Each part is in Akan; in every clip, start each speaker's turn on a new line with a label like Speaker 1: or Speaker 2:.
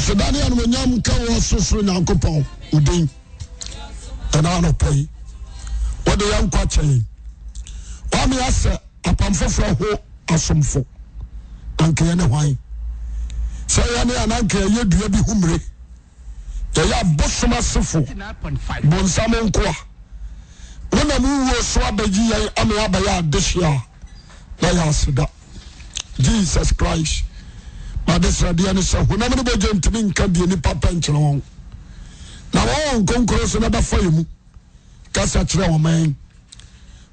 Speaker 1: seda ne anomnyam ka wo asosoro nyankopɔn odin ɛnanɔpɛyi wode yɛnkɔakyɛ oame asɛ apamfoforɔ ho asomfo ankaɛ ne ha sɛ yɛne anankaayɛ dua bi ho mmire yɛyɛ abosom asefo bonsam nkoa menam wo so abagyi ɛ amebayɛadehyea na yɛaseda jesus christ nadesradeɛ no sɛ honam no bɛgye ntimi nka deɛ nipa pɛ nkyerɛ wɔn na wɔwɔ nkonkoro so na bɛfa yɛ mu kasa kyerɛ wɔman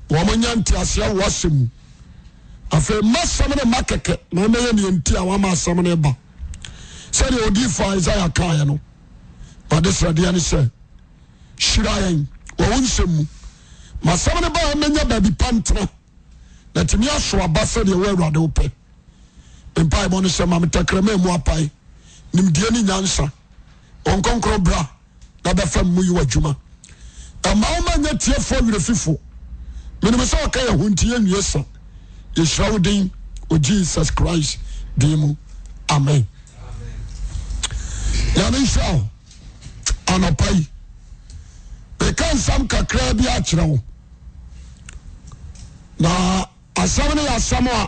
Speaker 1: wɔn nya nteaseɛ wɔ asɛ mu afei mma sɛm no mma kɛkɛ na ɛmɛyɛ neɛ nti a wɔama asɛm no ba sɛdeɛ odiifo isaia kaeɛ no nadesradeɛ no sɛ hyira yɛn wɔwo nsɛm mu ma asɛm no ba a mɛnya baabi pa na tumi aso aba sɛdeɛ wɔ awurade wopɛ pamone se a metekramemu apai osa yesereo den o jesus christ denmu amen napi aka sam kakra bikereoasa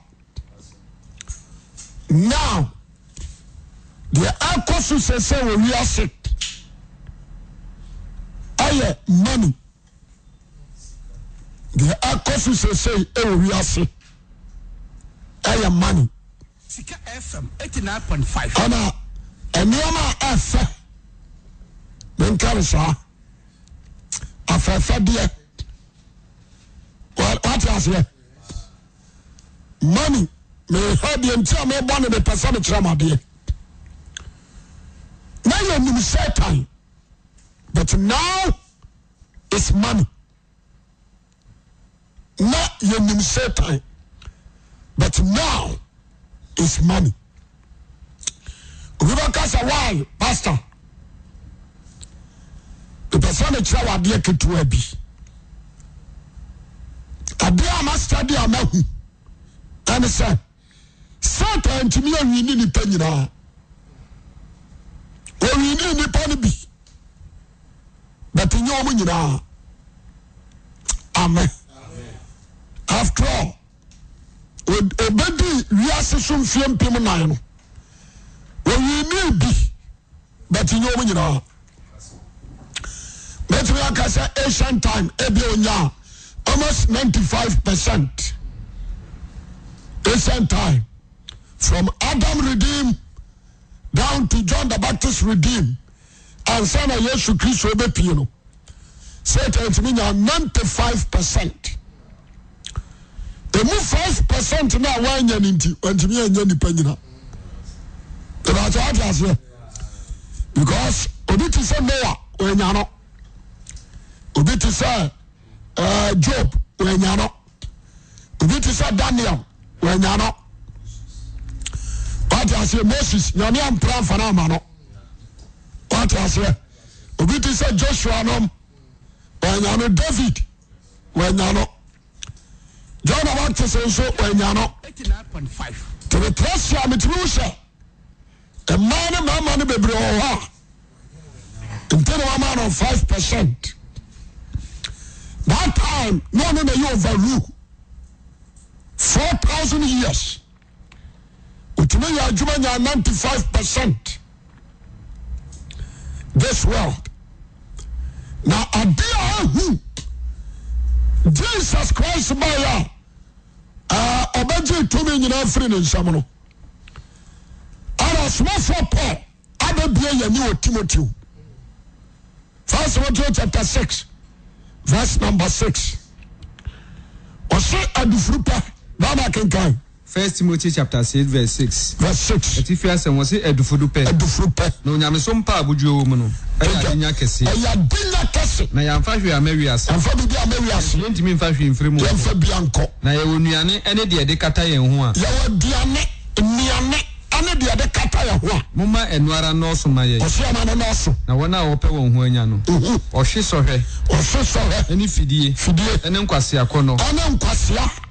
Speaker 1: no de akosu seisei weriosi eye mani he akosu seisei eweri ase eye manei ana aniama efe menkerisaa afafe die watiasee monei meha deɛ nti a mebɔ ne mepɛ sɛ mekyerɛ madeɛ na yɛnim satan but now is money na yɛnim satan but now is money Give bɛka sɛ why pastor mepɛ sɛ mekyerɛ wadeɛ ketewa bi adeɛ a mastudy a mahu ɛne sɛ sata ntimia wininipa nyinaa owini nnipano bi but nyɛomu nyinaa amen afterall obɛdi wiase so mfie mpem na no owini bi bute nyɛomu nyinaa metumiakasɛ asien time abi onyaa almost ninety five percent asian time from Adam redeem down to John the Baptist redeem and son of Jesus Christ will be pure. No? Satan to me now 95%. The move 5% now when you're in the and to me and you're in the penny now. Because Obi to say Noah, we nyano. Obi to say uh, eh, Job, we nyano. Obi to say Daniel, we nyano. sɛ moses aprafanmaataseɛ obi te sɛ josua nom anya no david wanya no jona watese nso wanyano temetre sia metimiw sɛ ma ne ma ma ne bebre ɔ hɔ a ntene wama no 5i percent tha time ne ɔne nayi ovaru fou tousand years ɔtumi yɛ adwuma nya 95 percent this world na ade a ahu jesus christ baeɛ a ɔbɛgye tumi nyinaa firi ne nsɛm no ana ɔsomafoɔ paul abɛbie yɛni wɔ timoteo first timoteo chapter 6 verse number 6 ɔse adufuru pa baaba kenkan first timothy chapter six verse six. verse six. ẹtí fi asẹ wọn sí ẹdùfúdú pẹ. ẹdùfúdú pẹ. na onyameso mpa abudu ewu mu no. ẹyẹ adinya kẹsí. ẹyẹ adinya kẹsí. na yàn fa hwee amẹwi ase. yàn fa bibi amẹwi ase. yẹn ntumi nfa hwee nfiri yẹn fa bi ankọ. na yẹ wọ nuane ẹni deɛ de kata yɛn ho a. yẹ wọ duane nuane ɛne deɛ de kata yɛ ho a. mo ma ɛnu ara nɔɔso ma yɛ. ɔsi ama ne nɔɔso. na wɔn a wɔpɛ wɔn ho anya no. ɔhwe fidie. fidie. ɛne nkwasia kɔnɔ. ɛne nkwasia.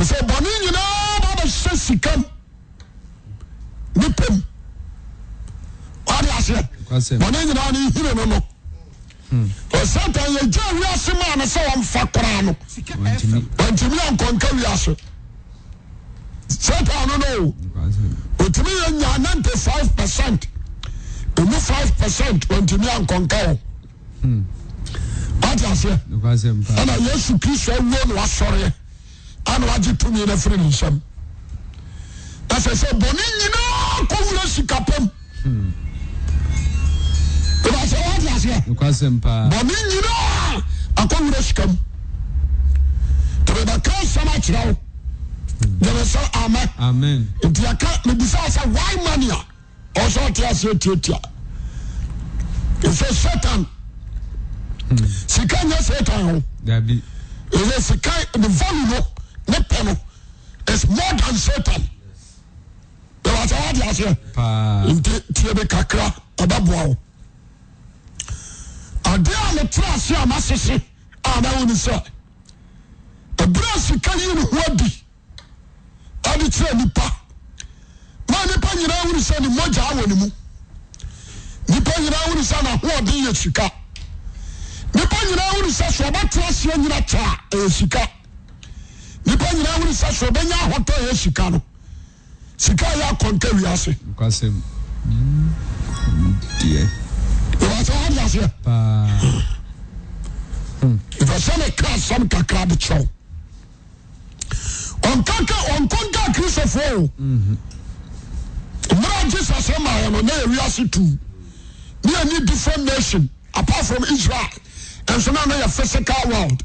Speaker 1: se bone yenaa babese sikam ne pem adiase bone yena an iie nono hmm. setan yji wiase man seo fa korano ntimiankonkewias seta nono otimi ye ya nint 5i percent mu 5ve percent ntmiankonksnyes hmm. krson ana wagye tumi no afiri ne nsɛm na sɛ bɔne nyinaa kɔwura sikapam ɛbasɛ wode bɔne nyinaa akɔwura nti mebɛka nsɛm akyerɛ wo amɛ nti yɛka mebisaa sɛ wy mane a ɔte aseɛ tiatia satan hmm. sika nyɛ satan ho ɛsɛ sika ne valu no ne pon ismore than sertn a adeanetrase masese amanesa bra sika yin hoadi ade kerɛ nipa manipa yina wnesanemawne mu nipa yenaresa na hodeya sika nepa yina wresa sobatrasɛ yina kaa sika yiaɛɛska skaɛ aaɛojesus ae en ferent nation apart from israel nsyɛ hysical worldnti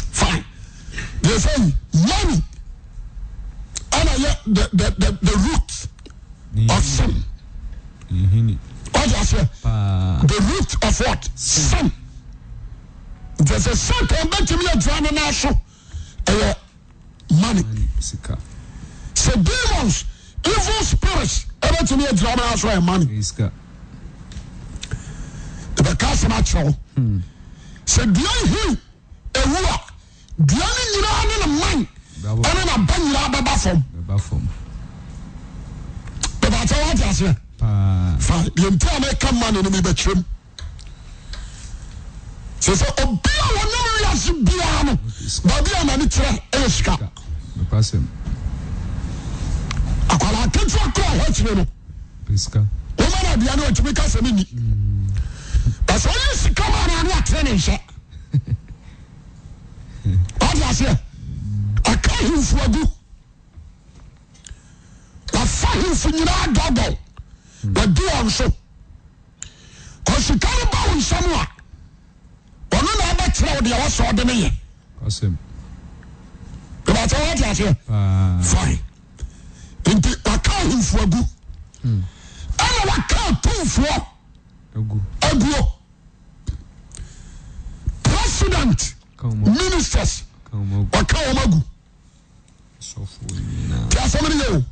Speaker 1: yɛ sɛ yanni ɛna yɛ the the the the root of sin ɔdi aseɛ the root of what sin nti sɛ sin kan bɛtumi yɛ dua ne nan so ɛyɛ money sɛ demons evil spirits ɛbɛtumi yɛ dua ne nan so ɛyɛ money ɛbɛka asɛm akyerɛw sɛ dua ihi ewu a. dua no nyinaa ne ne man ɛne naba nyinaa bɛba fam bɛbaakyɛ woate aseɛ fa yɛnti a mɛka ma no no mebɛkyerɛm sɛ sɛ obi a wɔnam wiase biara no baabi a nane kyerɛ ɛyɛ sika akwara aketewa kora hɔ kyerɛ no woma na adua ne ɔtumi ka sɛ me ni hmm. ɛsɛ ɔyɛ sika ma no ane atere ne nhyɛ ate aseɛ aka himfoagu wafa himfonyina gogle babiɔ nso ɔsikari ba wo nhyɛm a ɔno na abɛkyerɛwo dea wɔsɔɔde ne yɛ ɛbɛɛ wate aseɛ fi nti waka himfoagu hmm. ɛna waka tomfoɔ aguo president ministers ɔka wɔn agu tí a fɔm ni o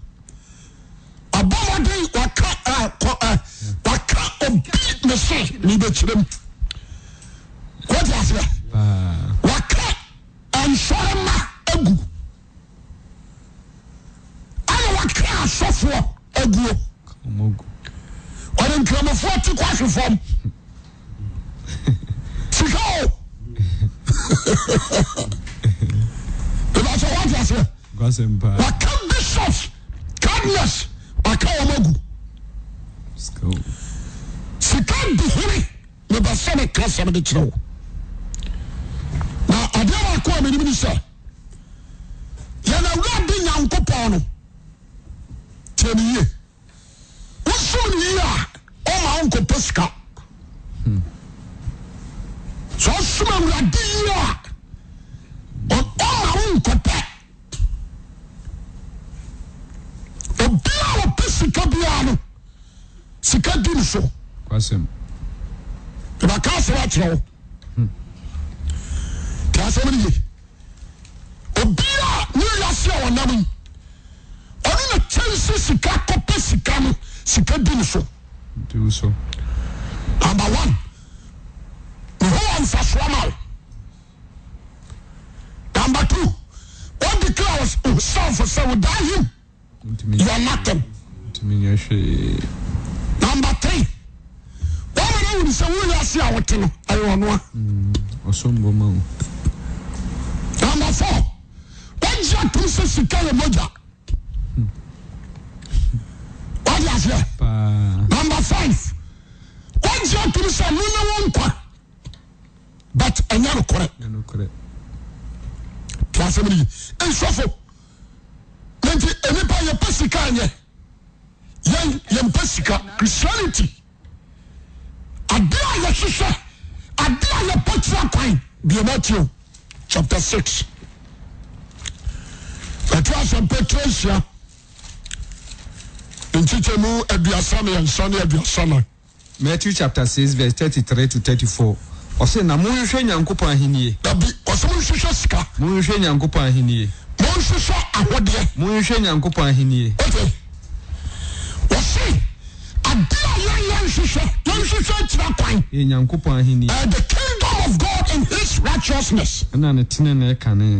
Speaker 1: abɔmɔden waka ɛ kɔ ɛ waka obi ne so ni bɛ kyerɛ mu kò tí a ah. fɛ waka nsɔrɔma agu ɛna waka asɔfoɔ agu o ɔde nkramofoɔ ti kɔ ahwɛ fam. ebso hotaseɛwacaditions cadnes baka woma gu sica dihere mebɛsɛ me kaa sɛmde kyerɛ wo na adeamakoa menimini sɛ yɛnagrade yankopɔn no temiye nsonyi a ɔma wonkɔpo sika hmm. sɛ osoma wuradiyia onawu nkope obia ope sika buanu sika dunso ebakasebatio tiyasemiriye obia ne yasiao namun onena canse sikakope sikanu sika dun so nambe one noansasuwama 2 wodikrasafo sɛ wodahim ymat num 3 womane wun sɛ weeaseawote no ɛyɔnoa num f wogyea tom sɛ sikaamɔgyaɛ num 5 woyea tom sɛ nuna wonka bu ɛnyanokorɛ asɛm ni nsɔfo nti nipa yɛpɛ sika nyɛ yɛn sika christianity ade a yɛhyehyɛ ade a yɛpɛ kyerɛ kwan matthew chapter six ɛto asɛm petro nhyia nkyikyɛ mu aduasa ne yɛnsa ne aduasa na Matthew chapter six verse thirty-three to thirty-four. ɔsɛ na monhwɛ nyankopɔn aheniew mohwɛ nyankopɔn ahenimohwɛ nyankopɔn aheniwwɛwɛnyankopɔn ahenina eh, no tene ne ɛkanew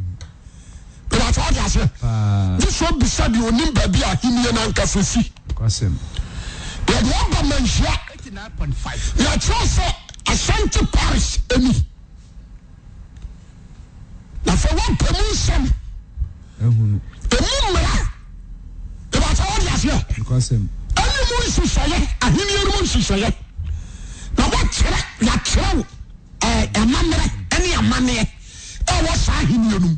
Speaker 1: te sɛ bisa de onim barbia aheni no ankasa si y bamania ykeɛ sɛ asenti paris ni naf wpamu nsɛm mumra desen sssɛnwkere yakerɛamame n wsa henin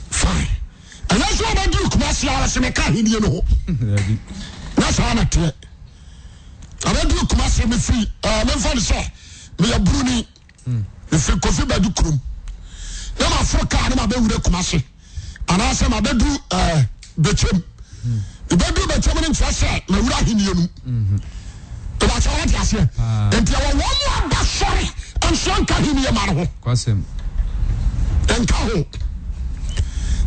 Speaker 1: fine I'm I'm not it. ɛnɛsɛ wobɛdi kumase ara sɛ meka hennie no ho na saa na teɛ abɛdi kumase mefiri memfa ne sɛ meyɛ buruni mefiri kofi do kurom ne maforo kaa ne mabɛwura kumase anaasɛ mabɛdu bɛkyɛm ìbẹ́dúró bẹ̀ tẹ́mu ní nfa sẹ́ mẹ̀wúrọ̀ ahìnìyẹ nu ìbá sọ wọ́n ti àṣẹ ntí ẹ̀wọ̀ wọ́n mú I'm sọ́rí ẹ̀nsọ́ nka ahìnìyẹ máa hó ẹ̀nka hó.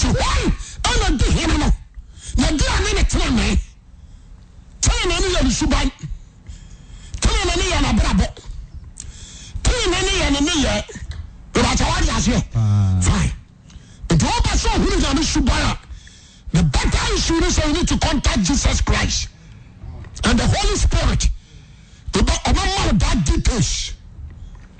Speaker 1: nti wɔn ɛna di hene no yɛdi ane ne tenenee tenenee no yɛ ne suban tenenee no yɛ n'abrabɔ tenenee no yɛ ne ne yɛ ìbàtà wà di aseɛ fine nti wɔn bɛ sɛ ohun yɛ ne suban a the better issue is you need to contact Jesus Christ and the Holy Spirit ɔbɛ ɔbɛ mọ that details.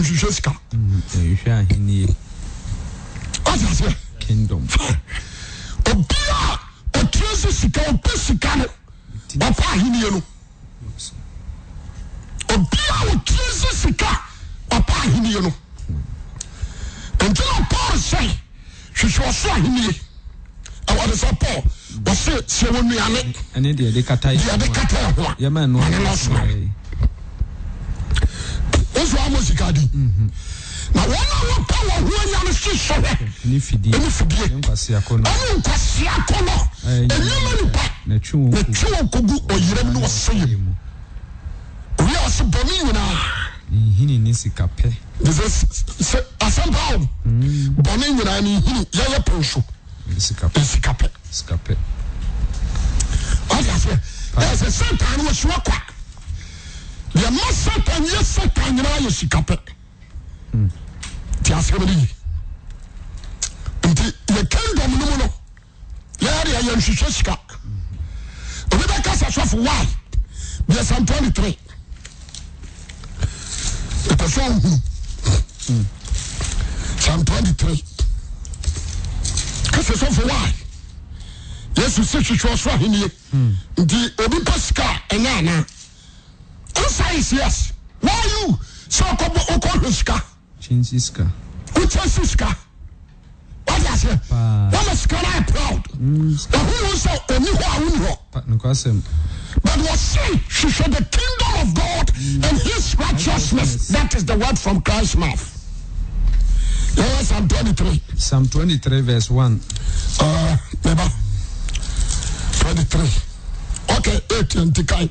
Speaker 1: hwɛkaɛi ɔs sikaɔɛ sikaɛhn i ɔs sika ɛ hen n ntin pɛrsɛ hweswɛ so heniɛnneah Mm-hmm. so ama sikade na mapa wohonyam sesɛn fienenka siak nnnatwo yemn sɛ s bɔne yinayskasaswa k deɛ ma satan yɛ satan nyinaa yɛ sika pɛ il asɛm no yi nti yɛ kingdom no mu no yɛdeɛ yɛnhwehwɛ sika obi bɛka sa sɔfo wai deɛ sam 23 y sɛ un sam 23 kɛsɛ sɔfo wai yesu sɛ hwehwɛ a un nti obi pɛ sika ɛnyɛ anaa Answer is yes. Why you? So come, O okobo sika. Change sika. Uchansi sika. What is it? What is sika na proud? Mm, the who who say oni ho awuni ho. But we see, she said the kingdom of God mm. and his righteousness. That is the word from Christ's mouth. Yes, Psalm 23. Psalm 23, verse 1. Uh, remember? 23. Okay, 8 and Tikai.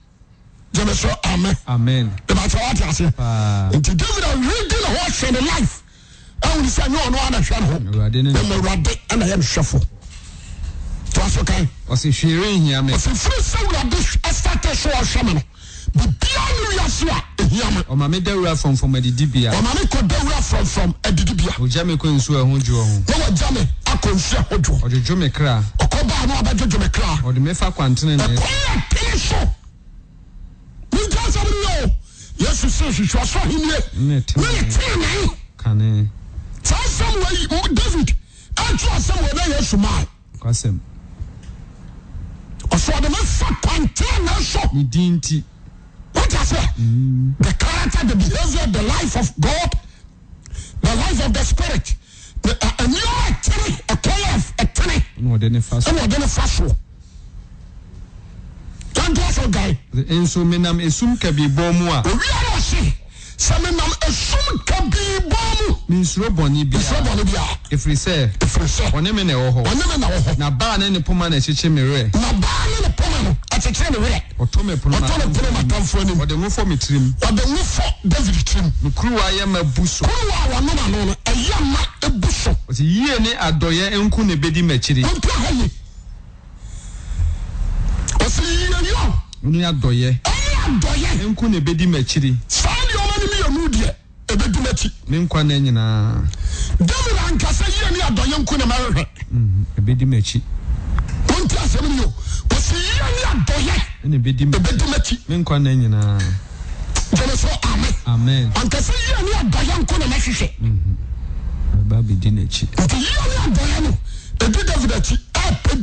Speaker 1: jẹmi sọ amen ìbá sọ wàá ti ase nti david a redi na hɔ hwɛ ne life ɛwùn sɛ nyɛ ɔno ana hwɛ ne ho ɛmɛ wurade ɛna yɛ nhwɛ fo to aso kan ɔsi hwere nhia mi ɔsi firi sɛ wurade ɛsate so ɔhwɛ mi no bibia ni wi ase a ehia mi. ɔmaa mi dawura fɔmfɔm adidi bia. ɔmaa mi kɔ dawura fɔmfɔm adidi bia. o jẹ mi ko nsu ɛho ju ɔho. wọ́n wọ jẹ mi akọ nsu ɛho ju. ɔjojo mi kra. ɔkọ baa mi abɛjojo mi kra. ɔdi mi fa kwantene ne. ɛkọ yɛ pili so. setnkan sesem eosnt tsem weeye smas sdeme sa pante nesodnti eese e caractere becasof the life of god the life of the spirit ne tr terneen fas twenty years old guy. nso menam esum kabi bɔ mu a. obiara ɔsi sɛ menam esum kabi bɔ mu. minsuro bɔnni bia minsuro bɔnni bia. efiri sɛ. efiri mi na ɛwɔ hɔ. ɔne mi na ɛwɔ hɔ. na baa ne ne poma na ɛkyekyere mi rɛ. na baa ne ne poma no ɛkyekyere mi rɛ. ɔtɔ mi pono ɔtɔ mi pono ma tan fo anim. ɔde nwofɔ mi tirim. ɔde nwofɔ david tirim. nkuruwa ayɛ ma bu so. kuruwa awa no ma no no ɛyɛ ma ebu so. ɔsi yie ne adɔyɛ nku ne bedi mɛkyiri. ɔmpi ahɔ yi. dyɛ bɛdim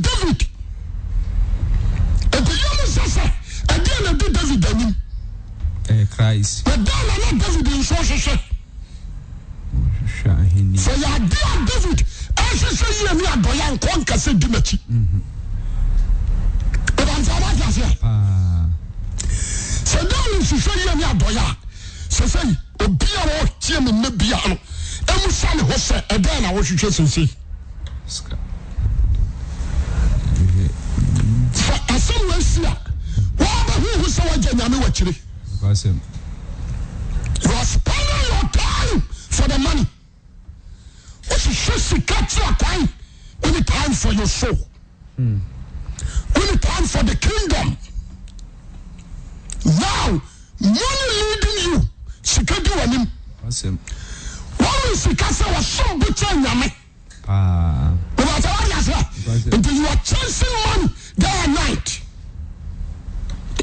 Speaker 1: kiranm n nɛnanedavid eh, nsohweswɛɛ yɛeaai ɛhweswɛ iami aynkkasɛ imkin sɛ heswɛ ai aye sɛsɛi obia kmunna bi o ɛmu sane ho sɛ ɛɛnawohwewɛ sɛsɛiɛsɛ huhu sɛ wagya nyame wakyire you are spending your time for the money wohwehwɛ sika kyerɛ kwan wone time for your soul mm. wone time for the kingdom now money leading you sika di w'anim wɔne sika sɛ wɔsom bo kyerɛ nyame wobɛsɛ wode aseɛ nti you are chasing money day and night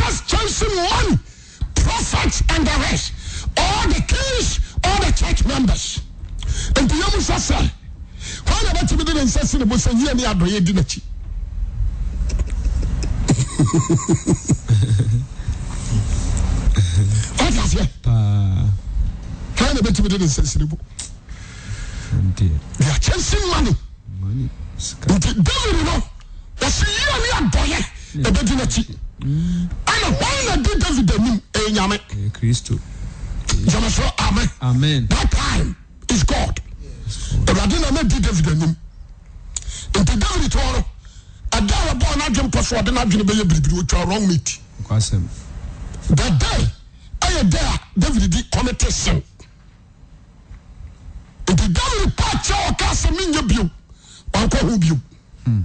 Speaker 1: Jesus, chosen one, prophets and the rest, all the kings, all the church members. Nti yɛ mu sasa, wɔn na bɛtumi de ne nsa si ne bo sɛ yie ne adɔyɛ di n'akyi. Ɔda seɛ. Wɔn na bɛtumi de ne nsa si ne bo. They are chasing money. Nti David no, wɔsi yie ne adɔyɛ, ɛbɛ di n'akyi. ane wil adi david anum yame emeso ame ha time is god denm di david anum ente david tr adaboanednpsdendneye biribriron met eda ayedea david de cometse nt david pata okasemiye bio ankhobi f hmm.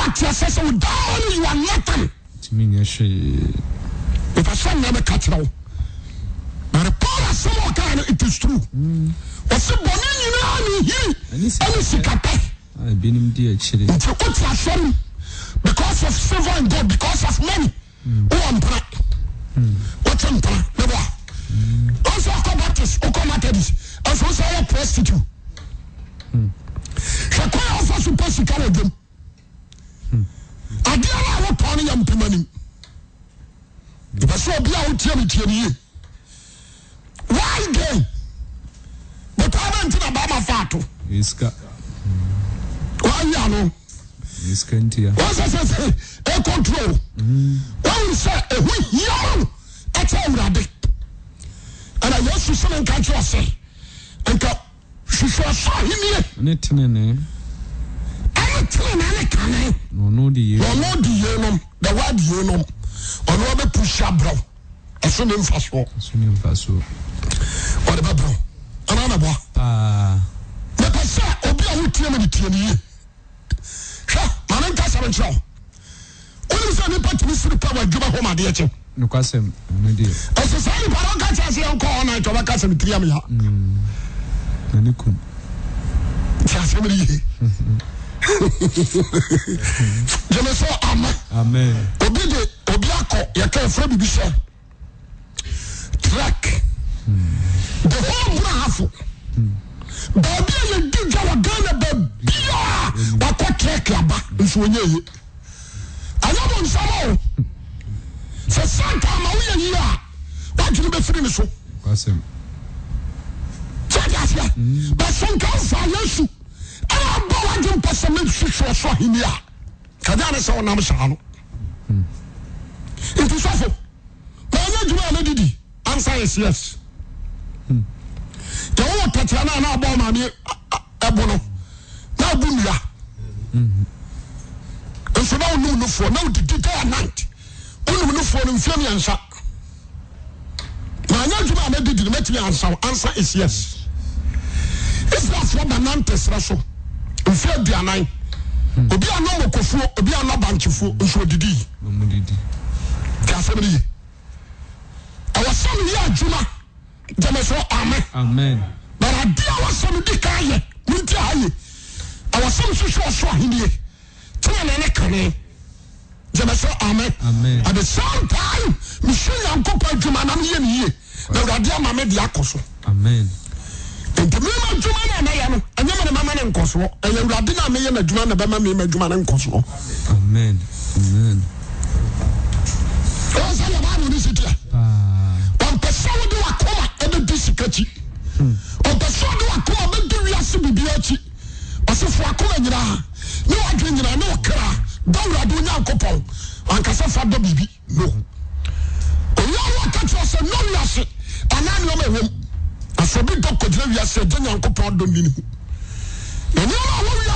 Speaker 1: yine ia e o adewa e wo pone ya pimani ba soo bia o tiamo tiariye wai gen betaama ntina bama fato wa ya noan esesese ekoturo wawer se oho hieo ato wira de an ya su seno nkajiose nke sesu sa himienetenne ɔno di yenom na wa di a ɔno on pusi abrɔ ɛso ne nfa soɔ ɛso ne nfa soɔ ɔde bɛ brɔ ɔno ana bɔ paa nipa ça? obi a mu de tie ne yie hwɛ maame nka On ne o wɔn sɛ nipa tumi siri pa wɔ adwuma hɔ ma adeɛ kyɛ nukwasɛm On a ɛsɛ saa nipa na ɔka kyɛ ase yɛn ɔna tiri On a yie. jemesɛ ama obide obi akɔ yɛkɛfra bidusaa trek deho braa fo baabia yedigawodana babia waakɔ trek aba nsowonyaye anabɔ nsa mao sɛ santaama wo yayiea wadene bɛfiri ne so fɛdasia bɛsonkansa na su ba wae pɛ sɛ mei t so ni aenesɛna oo aa awuaarɛ so i dan obin nbanf wsaya uma yamso ame adiwsadiky s m sm mese yankopɔ duma namyenye demamede ako so me uaɛ eneane nks sɛ obi dɔ kɔgyina wiase nyankopɔn ni Il y a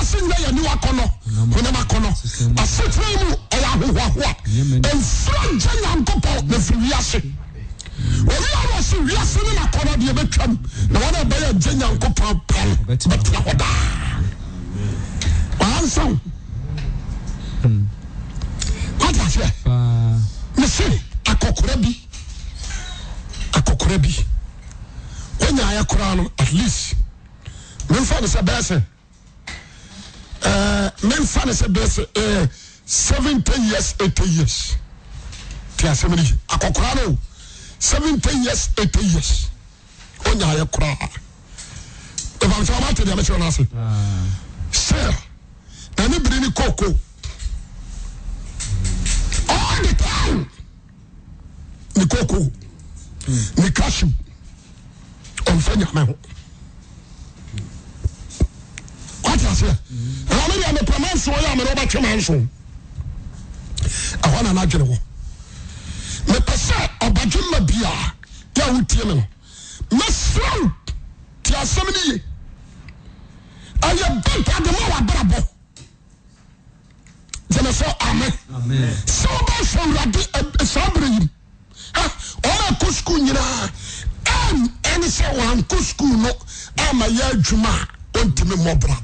Speaker 1: a ekra atleast mefanese bese mefanese bese sevnten yes ete ys teasemire akokra ne 7eventen yes eteys oyaye kra ame erse se ame beri ne koko on the time ne koko ne case On nyame ho wate aseɛ ɛwɔ me a mepɛ ma nsoɔ on a na bia yɛ a wotie me no mɛsrɛ wo te asɛm no ye ɛyɛ bɛnta de ma wabrabɔ gyeme sɛ ame sɛ wobɛhwɛ awurade saa berɛ On a ɛkɔ sukuu problem ɛne sɛ wankɔ sukuu no ama yɛ adwuma a ɔntumi mmɔbra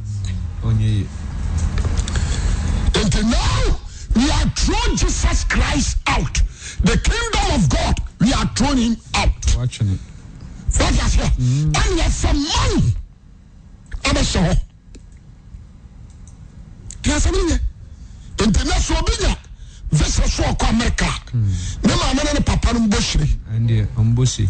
Speaker 1: nti now we are throwing jesus christ out the kingdom of god we are throwing him out wọ́n yà sẹ́ ẹni yẹ fẹ́ mọ́nì ẹ bẹ sẹ́ họ kí ẹ sẹ́ mi yẹ nti náà sọ obi yà vẹ́sẹ̀ sọ ọkọ amẹ́ríkà ní maame ní papa ní mbọ́sirì.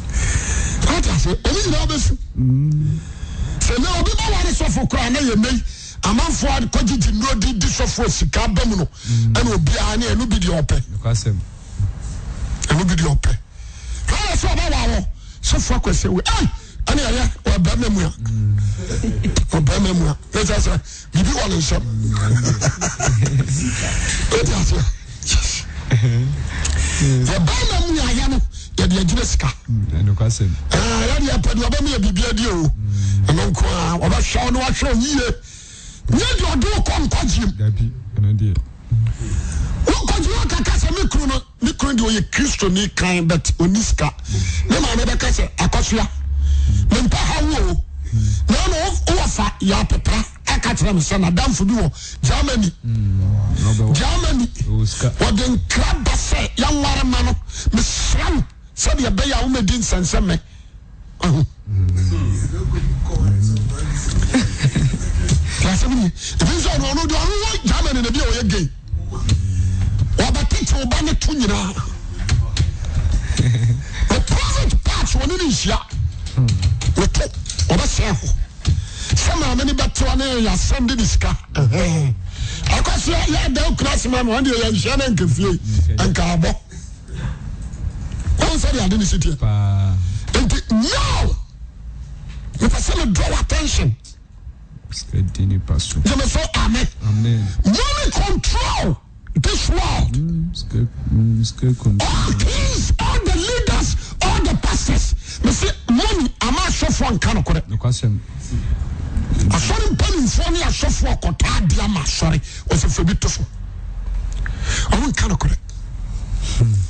Speaker 1: one yina womesi sme obi bɛ wane sofo kora ne yemei amafoakoeginodde sofo sika amunn sɛ obɛwawo sfo ksenmbame muyano ɛbiɛnkɛde ɛ kriston ka n sa e ɛasɛ ea aeɛmganygeany ra sɛ ɛɛɛwossɛgerany nɛ bbane t yinant ar n ne nhia ɛɛh ɛamanɛta neyɛsɛmde e sikaɛaa yɛsana n wọn de ade ni si nti now nípa sẹ me draw attention jẹmi sọ amen money control this world mm, mm, all kings all the leaders all the pastors mi sẹ money a máa nous no kọrẹ asọri mpanimfoɔ ne asɔfoɔ akɔtaa di ama asɔre wɔsɛ bi to so ɔmo nka no kɔrɛ. Hmm.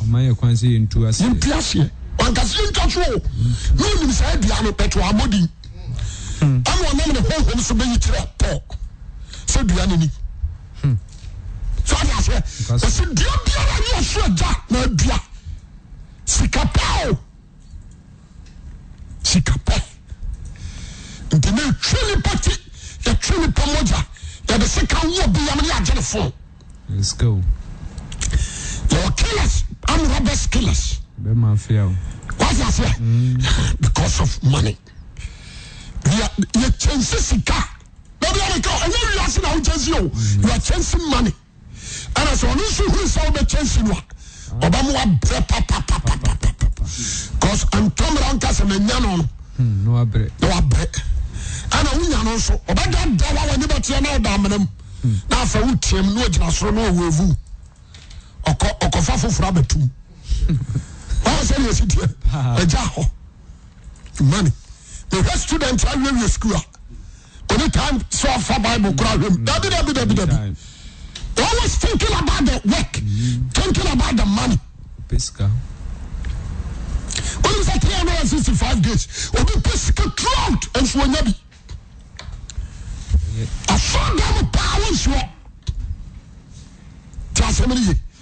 Speaker 1: pis aen sad aa sikapa siaa ntne teni pt teni pa mja deseka o hmm. biamnejere hmm. forykale re skilles o oteestdnt sml l ininbot henbot hemo5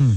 Speaker 1: asye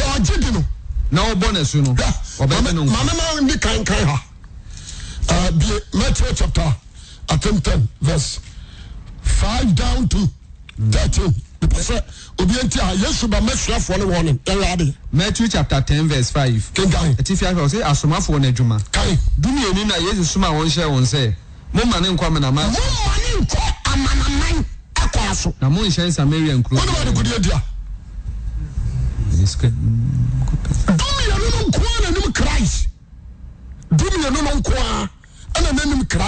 Speaker 1: ɔgye di no na ɔbɔ ne su no ɔbɛyɛ no nkwa maame maa ni kankan ha uh, bie matthew chapter atem ten verse five down to thirteen pepɛsɛ obi nti a yesu ba mɛsuafoɔ ne wɔn ne adi. matthew chapter ten verse five. kankan ɛti fi ahwɛ ɔsɛ asomafoɔ n'adwuma. kan dumienu na yesu suma wɔn hyɛ wɔn sɛ mo ma ne nkɔ amanaman. mo ma ne nkɔ amanaman ɛkɔ aso. na mo nhyɛn samaria nkuro. wọn ni wọn de kudi edi a. n cris nn cris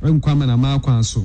Speaker 1: manamabras ks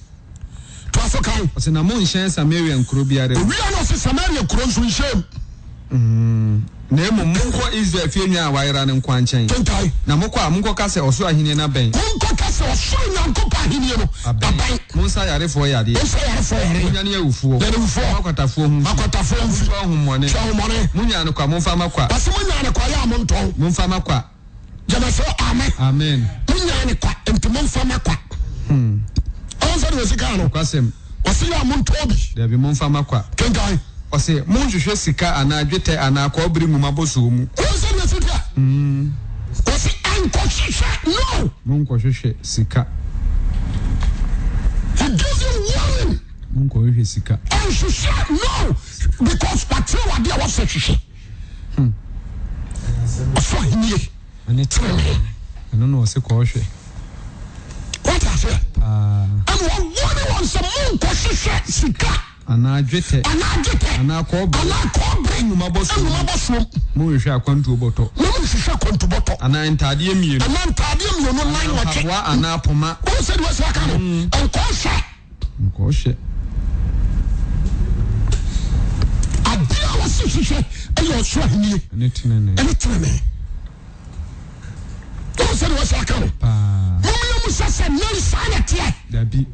Speaker 1: so kan. ɔsɛ na mo nhyɛn samaria nkuro biara mu. owia na ɔsɛ samaria nkuro nso nhyɛn mm. na emu monkɔ israel fie nua a wayera ne nkwa nkyɛn. tontai. na mokɔ a monkɔ kasa ɔsoro ahenni na bɛn. monkɔ kasa ɔsoro nyankopa ahenni no. abɛn monsa yarefoɔ yareɛ. monsa yarefoɔ yareɛ. monyane awufoɔ. yɛrɛ awufoɔ. makɔtafoɔ ho. makɔtafoɔ ho. twɛ ahomɔne. twɛ ahomɔne. monyane kwa momfa makwa. pasi monyane kwa yɛ a montɔn. momfa makwa. jɛnɛsɛ amen. amen. monyane kwa nti momfa makwa. Hmm. ɔn sɛ de wɔ sika ano kwasɛm ɔsi yɛ a mo ntɔ nfa ma kwa kankan ɔsi mo nhwehwɛ sika anaa dwetɛ anaa kɔɔbiri mu ma bɔ so mu ɔn de wɔ sika ɔsi hmm. ankɔ no mo nkɔ sika he gives you warning mo sika ɔnhwehwɛ no because watere wade a wɔsɛ hwehwɛ hmm. ɔsɔ ahenie tiri na ɔsi kɔɔhwɛ. sɛ monkɔ sehwɛ sika an annwnntadeɛ n ana pomase ewɛ ɛyɛ s mnm sɛ sɛ nea n tɛ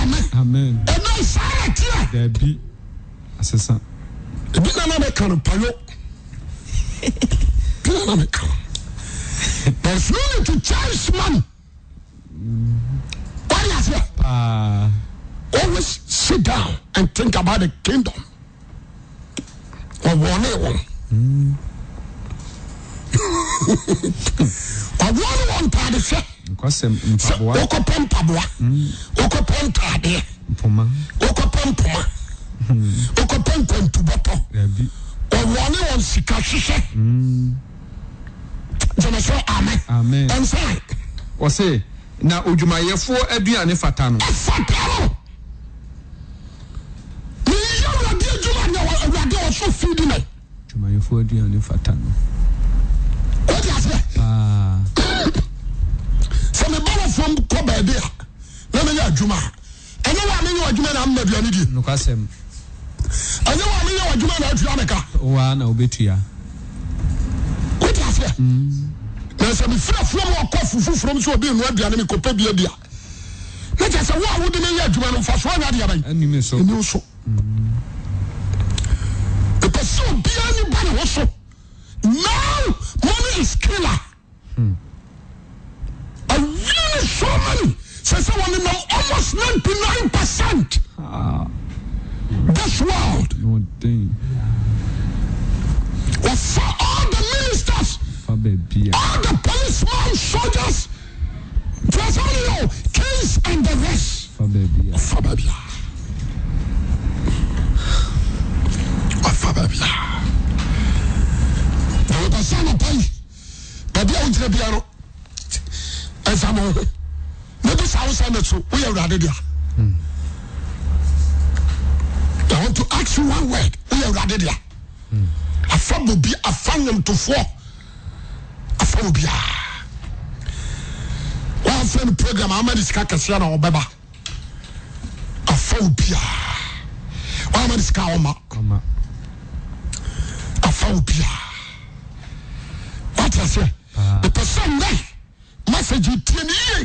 Speaker 1: amen. Amen. nsaara tia. dabi asesa. ebi nana bɛ kan payo ebi nana bɛ there is no need to change man wọ́n yà always sit down and think about the kingdom ọ̀ wọ́n ní ɔboa no wɔ ntaade hwɛ wokɔpɛ mpaboa hmm. wokɔpɛ ntaadeɛ wokɔpɛ mpoma hmm. wokɔpɛ nkwantubɔtɔ ɔwɔ ne wɔ sika hyehyɛ hmm. gyeme so amen ɛnsae ɔse na odwumayɛfoɔ aduane fata no ɛfata no meyɛ awurade adwuma nyɛ awurade ɔso fidi no no ba dea ne meyɛ aduma ɛe wo meyɛaumandn na wobɛtuoɛ sɛ in bne oso n mone skila so many sɛ sɛ almost 99 percent this world For all the ministers all the policemen soldiers Treasurio, kings and the rest. Ɔfa oh, the a. the a. the ooyɛeoonɛ afo afa ob aɛno programwamade sika keseɛnawoɛba afa obmade sika wmaafoɛesonage tnie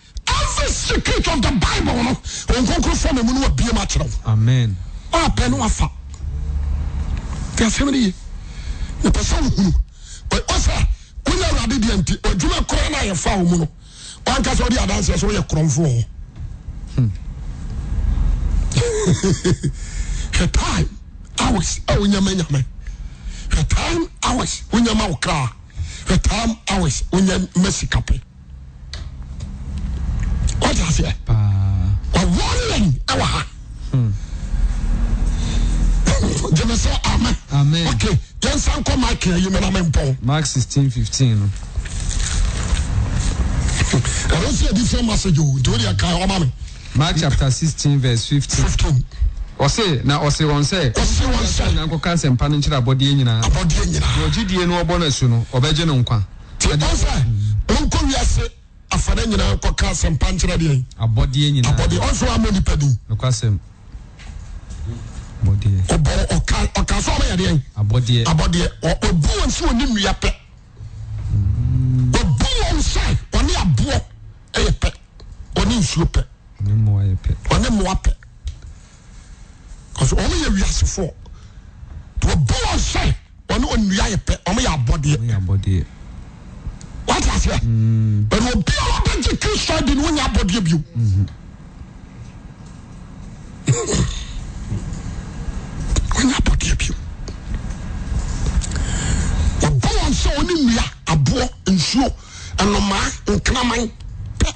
Speaker 1: ecat of the bible no on ou a wọ́n aseɛ ɔwɔlen ɛwɔ ha hmm. gyeme sɛ amen ok yɛnsa nkɔ mark ayi me na me mpɔn mark 16 15 no ɛno nso yɛ different message o nti wode ɛka ɔma me mark chapter sixteen, verse fifteen. 15 ɔse na ɔse wɔn sɛ ɔse wɔn sɛ nyankɔka asɛmpa no nkyerɛ abɔdeɛ nyinaa abɔdeɛ nyinaa na ɔgyedie no ɔbɔ no asu no ɔbɛgye no nkwa ti ɔsɛ afa ne nyinaa nkɔka asɛmpa nkyerɛ deɛ abɔdeɛ abɔdeɛ ɔnso amɔ nipa din nokwasɛm ɔka ɔka so ɔmɛ yɛdeɛ abɔdeɛ abɔdeɛ ɔbu wɔn nsi wɔn ne nnua pɛ mm. ɔbu wɔn nsa ɔne aboɔ ɛyɛ pɛ ɔne nsuo pɛ ɔne mmoa yɛ pɛ ɔne mmoa pɛ kɔsɔ ɔmo yɛ wiasefoɔ ɔbu wɔn nsa ɔne nnua yɛ pɛ ɔmo yɛ abɔdeɛ ɔmo yɛ abɔdeɛ. aseɛ mm. but n'a pas kristo adi On wonya abɔdeɛ bio wonya mm-hmm. abɔdeɛ bio pas wɔn sɛ On nnua aboɔ nsuo nnomaa nkraman pɛ pas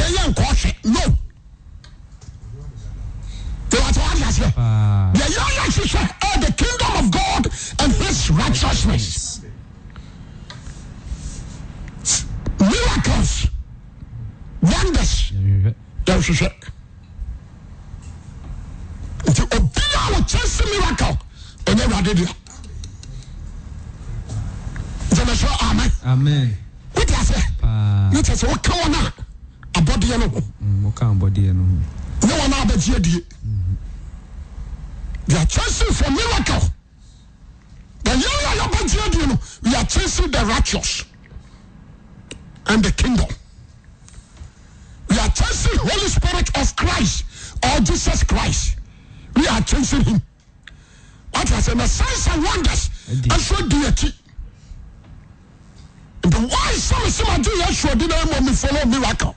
Speaker 1: yɛyɛ nkɔɔhwɛ no yɛyɛ yɛ hyehyɛ ɛ the kingdom of God and his righteousness miracles wonders yɛhyehyɛ nti obiara wɔkyɛ sɛ miracle ɛnyɛ awurade dea gyamɛsɛ amen wotiasɛ ne kyɛ sɛ woka wɔ no a abɔdeɛ mm, no ho ne wɔn abɛgye we are chasing for miracle the no we are chasing the righteous and the kingdom we are chasing holy spirit of christ or jesus christ we are chasing him what was it na signs and wonders and di akyi The why sɛ of sɛ do gye yɛ sɔɔ follow miracle.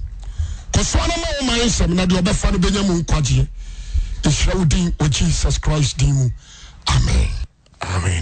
Speaker 1: kɔsoa no ma womaɛsɛm na deɛ wɔbɛfa no bɛnya m nkwagyeɛ ɛhyɛ wodin wɔ jesus christ din mu amen